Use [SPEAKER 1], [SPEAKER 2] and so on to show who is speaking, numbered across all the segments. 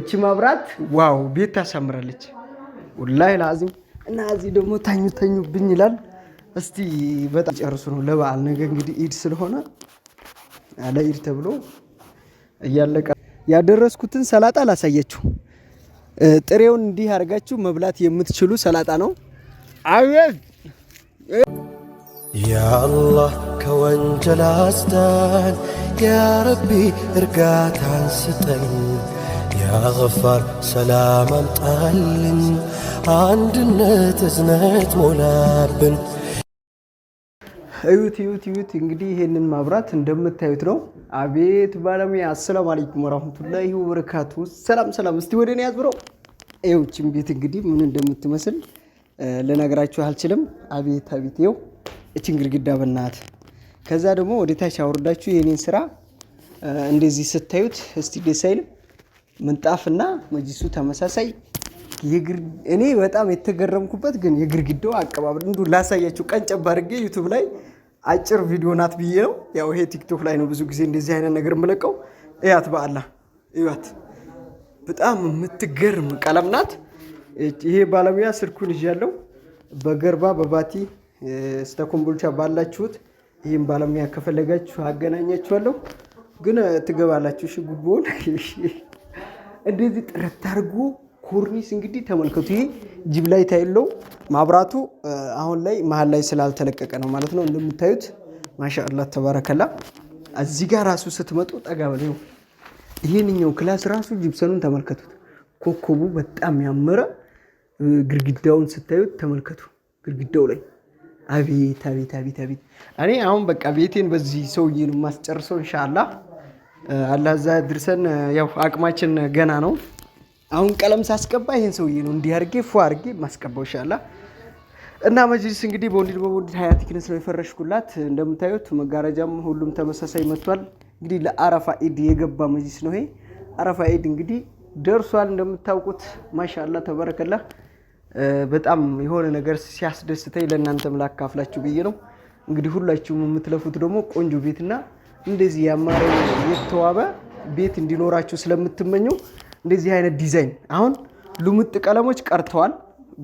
[SPEAKER 1] እቺ መብራት
[SPEAKER 2] ዋው ቤት ታሳምራለች።
[SPEAKER 1] ወላሂ ላዚም እና እዚህ ደግሞ ተኙ ተኙብኝ ይላል። እስቲ በጣም ጨርሱ ነው ለበዓል ነገ እንግዲህ ኢድ ስለሆነ ለኢድ ተብሎ እያለቀ ያደረስኩትን ሰላጣ ላሳያችሁ። ጥሬውን እንዲህ አድርጋችሁ መብላት የምትችሉ ሰላጣ ነው።
[SPEAKER 2] አቤት
[SPEAKER 3] ያአላህ ከወንጀል አስዳን፣ ያረቢ እርጋታን ስጠኝ ያገፋር ሰላም አምጣልን፣ አንድነት እዝነት ሞላብን።
[SPEAKER 1] እዩት እዩት እዩት! እንግዲህ ይሄንን ማብራት እንደምታዩት ነው። አቤት ባለሙያ! አሰላሙ አለይኩም ወራህመቱላሂ ወበረካቱ። ሰላም ሰላም። እስቲ ወደ እኔ ያዝብረው። ይህችን ቤት እንግዲህ ምን እንደምትመስል ልነግራችሁ አልችልም። አቤት አቤት! ይኸው እችን ግድግዳ በናት። ከዛ ደግሞ ወደ ታች አወርዳችሁ የኔን ስራ እንደዚህ ስታዩት እስቲ ደስ አይልም? ምንጣፍና መጅሱ ተመሳሳይ እኔ በጣም የተገረምኩበት ግን የግርግዳው አቀባበል እንዱ ላሳያችሁ። ቀን ጨባርጌ ዩቱብ ላይ አጭር ቪዲዮ ናት ብዬ ነው። ያው ይሄ ቲክቶክ ላይ ነው ብዙ ጊዜ እንደዚህ አይነት ነገር የምለቀው። እያት በአላ እያት፣ በጣም የምትገርም ቀለም ናት። ይሄ ባለሙያ ስልኩን ይዣለሁ። በገርባ በባቲ እስከ ኮምቦልቻ ባላችሁት ይህም ባለሙያ ከፈለጋችሁ አገናኛችኋለሁ። ግን ትገባላችሁ ሽጉቦን እንደዚህ ጥረት አድርጎ ኮርኒስ እንግዲህ ተመልከቱ። ይሄ ጅብ ላይ ታይለው ማብራቱ አሁን ላይ መሀል ላይ ስላልተለቀቀ ነው ማለት ነው። እንደምታዩት ማሻላ ተባረከላ። እዚህ ጋር ራሱ ስትመጡ ጠጋ በለው። ይሄንኛው ክላስ ራሱ ጅብሰኑን ተመልከቱት። ኮከቡ በጣም ያመረ ግድግዳውን ስታዩት ተመልከቱ። ግድግዳው ላይ አቤት አቤት አቤት አቤት! እኔ አሁን በቃ ቤቴን በዚህ ሰውዬን ማስጨርሰው እንሻላ። አላዛ ድርሰን ያው አቅማችን ገና ነው። አሁን ቀለም ሳስቀባ ይህን ሰውዬ ነው እንዲህ አድርጌ ፎ አድርጌ ማስቀባው ሻላ እና መጅሊስ እንግዲህ በወንዲድ በወንዲድ ሀያቲክን ቲክነስ የፈረሽኩላት። እንደምታዩት መጋረጃም ሁሉም ተመሳሳይ መጥቷል። እንግዲህ ለአረፋ ኢድ የገባ መጅሊስ ነው ይሄ። አረፋ ኢድ እንግዲህ ደርሷል እንደምታውቁት። ማሻላ ተበረከላ። በጣም የሆነ ነገር ሲያስደስተኝ ለእናንተም ላካፍላችሁ ብዬ ነው። እንግዲህ ሁላችሁም የምትለፉት ደግሞ ቆንጆ ቤትና እንደዚህ ያማረ የተዋበ ቤት እንዲኖራቸው ስለምትመኘው እንደዚህ አይነት ዲዛይን አሁን ልሙጥ ቀለሞች ቀርተዋል።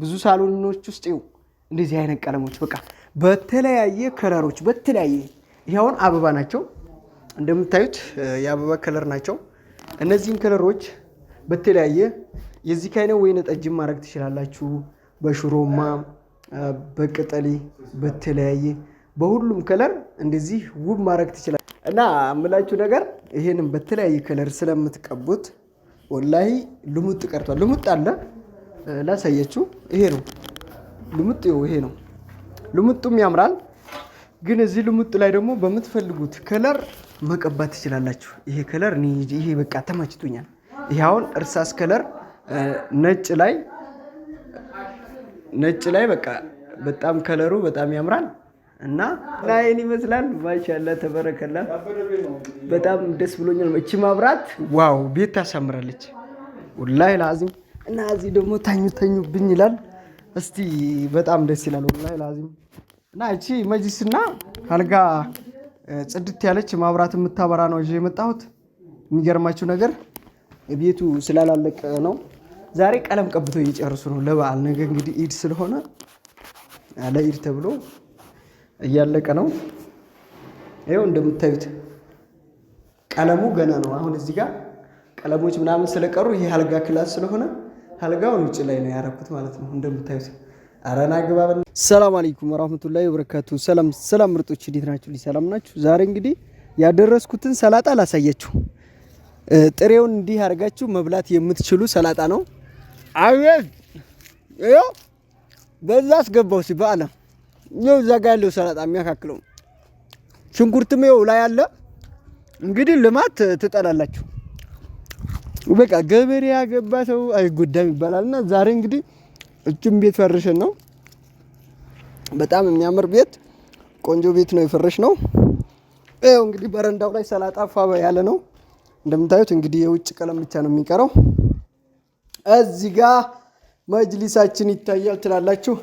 [SPEAKER 1] ብዙ ሳሎኖች ውስጥ ይኸው እንደዚህ አይነት ቀለሞች በቃ በተለያየ ከለሮች በተለያየ ይኸውን አበባ ናቸው እንደምታዩት የአበባ ከለር ናቸው። እነዚህን ከለሮች በተለያየ የዚህ ከአይነት ወይነ ጠጅ ማድረግ ትችላላችሁ። በሽሮማ በቅጠሌ በተለያየ በሁሉም ከለር እንደዚህ ውብ ማድረግ ትችላላችሁ። እና የምላችሁ ነገር ይሄንን በተለያየ ከለር ስለምትቀቡት ወላሂ ልሙጥ ቀርቷል። ልሙጥ አለ ላሳየችው። ይሄ ነው ልሙጥ፣ ይሄ ነው ልሙጡም ያምራል። ግን እዚህ ልሙጥ ላይ ደግሞ በምትፈልጉት ከለር መቀባት ትችላላችሁ። ይሄ ከለር ይሄ በቃ ተመችቶኛል። ይሄ አሁን እርሳስ ከለር ነጭ ላይ ነጭ ላይ በቃ በጣም ከለሩ በጣም ያምራል። እና ይህን ይመስላል። ማሻላ ተበረከላ። በጣም ደስ ብሎኛል። እቺ ማብራት
[SPEAKER 2] ዋው ቤት ታሳምራለች።
[SPEAKER 1] ወላሂ ላዚም እና እዚህ ደግሞ ተኙ ተኙ ብኝ ይላል። እስቲ በጣም ደስ ይላል። ወላሂ ላዚም እና እቺ መጅስና አልጋ ጽድት ያለች ማብራት የምታበራ ነው ይዤ የመጣሁት። የሚገርማችሁ ነገር ቤቱ ስላላለቀ ነው። ዛሬ ቀለም ቀብተው እየጨርሱ ነው ለበዓል። ነገ እንግዲህ ኢድ ስለሆነ ለኢድ ተብሎ እያለቀ ነው። ይኸው እንደምታዩት ቀለሙ ገና ነው። አሁን እዚህ ጋር ቀለሞች ምናምን ስለቀሩ ይሄ አልጋ ክላስ ስለሆነ አልጋውን ውጭ ላይ ነው ያረኩት ማለት ነው። እንደምታዩት አረና ግባብ። ሰላም አለይኩም ወራህመቱላሂ ወበረካቱ። ሰላም ሰላም፣ ምርጦች እንዴት ናችሁ? ሰላም ናችሁ? ዛሬ እንግዲህ ያደረስኩትን ሰላጣ ላሳያችሁ። ጥሬውን እንዲህ አድርጋችሁ መብላት የምትችሉ ሰላጣ ነው።
[SPEAKER 2] አቤት! ይኸው በዛ አስገባው ሲባል አለም ይኸው እዛ ጋ ያለው ሰላጣ የሚያካክለው ሽንኩርትም ይኸው ላይ አለ። እንግዲህ ልማት ትጠላላችሁ። በቃ ገበሬ ያገባ ሰው አይጎዳም ይባላል። እና ዛሬ እንግዲህ እችም ቤት ፈርሽን ነው። በጣም የሚያምር ቤት ቆንጆ ቤት ነው የፈረሽ ነው። ይኸው እንግዲህ በረንዳው ላይ ሰላጣ ፏ ያለ ነው እንደምታዩት። እንግዲህ የውጭ ቀለም ብቻ ነው የሚቀረው። እዚህ ጋ መጅሊሳችን ይታያል ትላላችሁ።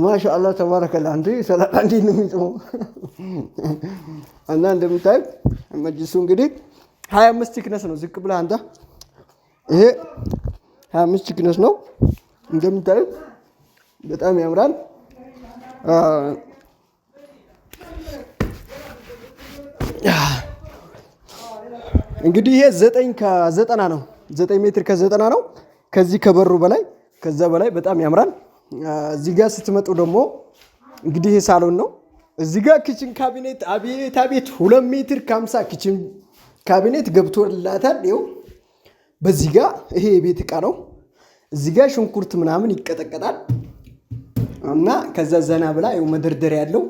[SPEAKER 2] ማሻአላ ተባረከላ። አንተ ሰላጣ እንዴት ነው የሚጥመው? እና እንደምታይ መጅሱ እንግዲህ ሀያ አምስት ቲክነስ ነው። ዝቅ ብላ አንተ ይሄ ሀያ አምስት ቲክነስ ነው እንደምታይ በጣም ያምራል። እንግዲህ ይሄ ዘጠኝ ከዘጠና ነው። ዘጠኝ ሜትር ከዘጠና ነው። ከዚህ ከበሩ በላይ ከዛ በላይ በጣም ያምራል። እዚህ ጋር ስትመጡ ደግሞ እንግዲህ ሳሎን ነው። እዚህ ጋር ኪችን ካቢኔት አቤት አቤት፣ ሁለት ሜትር ከሀምሳ ኪችን ካቢኔት ገብቶላታል። ይኸው በዚህ ጋር ይሄ የቤት እቃ ነው። እዚህ ጋር ሽንኩርት ምናምን ይቀጠቀጣል እና ከዛ ዘና ብላ ይኸው መደርደሪያ ያለው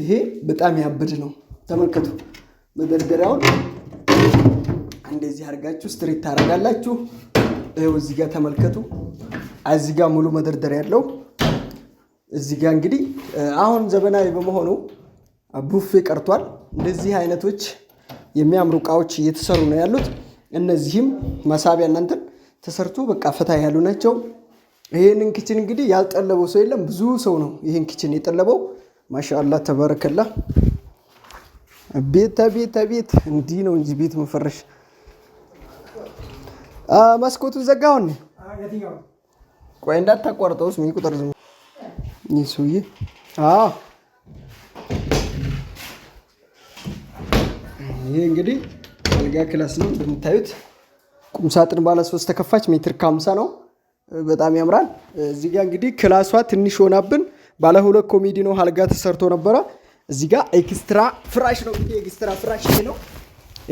[SPEAKER 2] ይሄ በጣም ያብድ ነው። ተመልከቱ መደርደሪያውን እንደዚህ አድርጋችሁ ስትሬት ታደርጋላችሁ። ይኸው እዚህ ጋር ተመልከቱ። እዚህ ጋር ሙሉ መደርደሪያ ያለው እዚህ ጋር እንግዲህ አሁን ዘመናዊ በመሆኑ ቡፌ ቀርቷል። እንደዚህ አይነቶች የሚያምሩ እቃዎች እየተሰሩ ነው ያሉት። እነዚህም መሳቢያ እናንተን ተሰርቶ በቃ ፈታ ያሉ ናቸው። ይህንን ኪችን እንግዲህ ያልጠለበው ሰው የለም። ብዙ ሰው ነው ይህን ኪችን የጠለበው። ማሻላ ተበረከላ። ቤት ተቤት ተቤት እንዲህ ነው እንጂ ቤት መፈረሽ መስኮቱን ዘጋውን ቆይ እንዳታቋርጠው። ስሚ ቁጥር ዝም ይህ ሰውዬ ይሄ እንግዲህ አልጋ ክላስ ነው እንደምታዩት። ቁምሳጥን ባለ ሶስት ተከፋች ሜትር ከሀምሳ ነው። በጣም ያምራል። እዚህ ጋ እንግዲህ ክላሷ ትንሽ ሆናብን ባለ ሁለት ኮሜዲ ነው አልጋ ተሰርቶ ነበረ። እዚህ ጋ ኤክስትራ ፍራሽ ነው እንግዲህ ኤክስትራ ፍራሽ ይሄ ነው።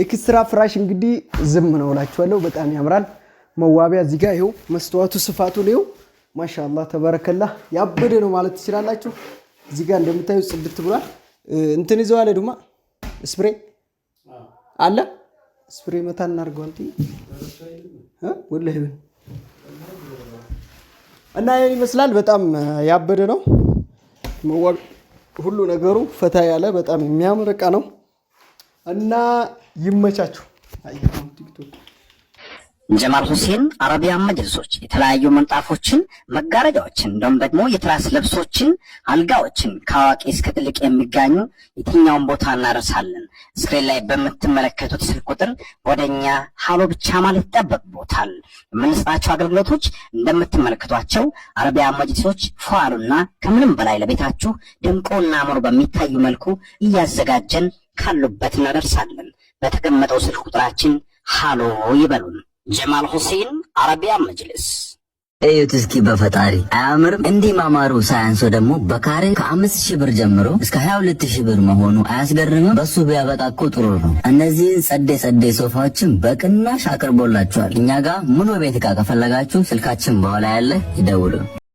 [SPEAKER 2] ኤክስትራ ፍራሽ እንግዲህ ዝም ነው እላችኋለሁ። በጣም ያምራል። መዋቢያ እዚህ ጋ ይኸው መስተዋቱ ስፋቱን ይኸው ማሻላ ተበረከላ ያበደ ነው ማለት ትችላላችሁ። እዚህ ጋር እንደምታዩ ጽድት ብሏል። እንትን ይዘው አለ ድማ ስፕሬ አለ ስፕሬ መታ እናርገዋል ወላ እና ይህን ይመስላል። በጣም ያበደ ነው ሁሉ ነገሩ ፈታ ያለ በጣም የሚያምር እቃ ነው እና ይመቻችሁ።
[SPEAKER 4] ጀማል ሁሴን አረቢያ መጅልሶች የተለያዩ ምንጣፎችን፣ መጋረጃዎችን እንደውም ደግሞ የትራስ ልብሶችን፣ አልጋዎችን ከአዋቂ እስከ ትልቅ የሚጋኙ የትኛውን ቦታ እናደርሳለን። እስክሪን ላይ በምትመለከቱት ስልክ ቁጥር ወደኛ ሀሎ ብቻ ማለት ይጠበቅቦታል። የምንሰጣቸው አገልግሎቶች እንደምትመለከቷቸው አረቢያ መጅልሶች ፏሉና ከምንም በላይ ለቤታችሁ ድምቆና አምሮ በሚታዩ መልኩ እያዘጋጀን ካሉበት እናደርሳለን። በተቀመጠው ስልክ ቁጥራችን ሀሎ ይበሉን። ጀማል ሁሴን አረቢያ መጅልስ
[SPEAKER 5] እዩት እስኪ በፈጣሪ አያምርም? እንዲህ ማማሩ ሳያንሶ ደግሞ በካሬ ከአምስት ሺህ ብር ጀምሮ እስከ ሀያ ሁለት ሺህ ብር መሆኑ አያስገርምም? በሱ ቢያበቃ እኮ ጥሩ ነው። እነዚህን ጸዴ ጸዴ ሶፋዎችን በቅናሽ አቅርቦላቸዋል። እኛ ጋር ሙሉ ቤት እቃ ከፈለጋችሁ ስልካችን በኋላ ያለ ይደውሉ።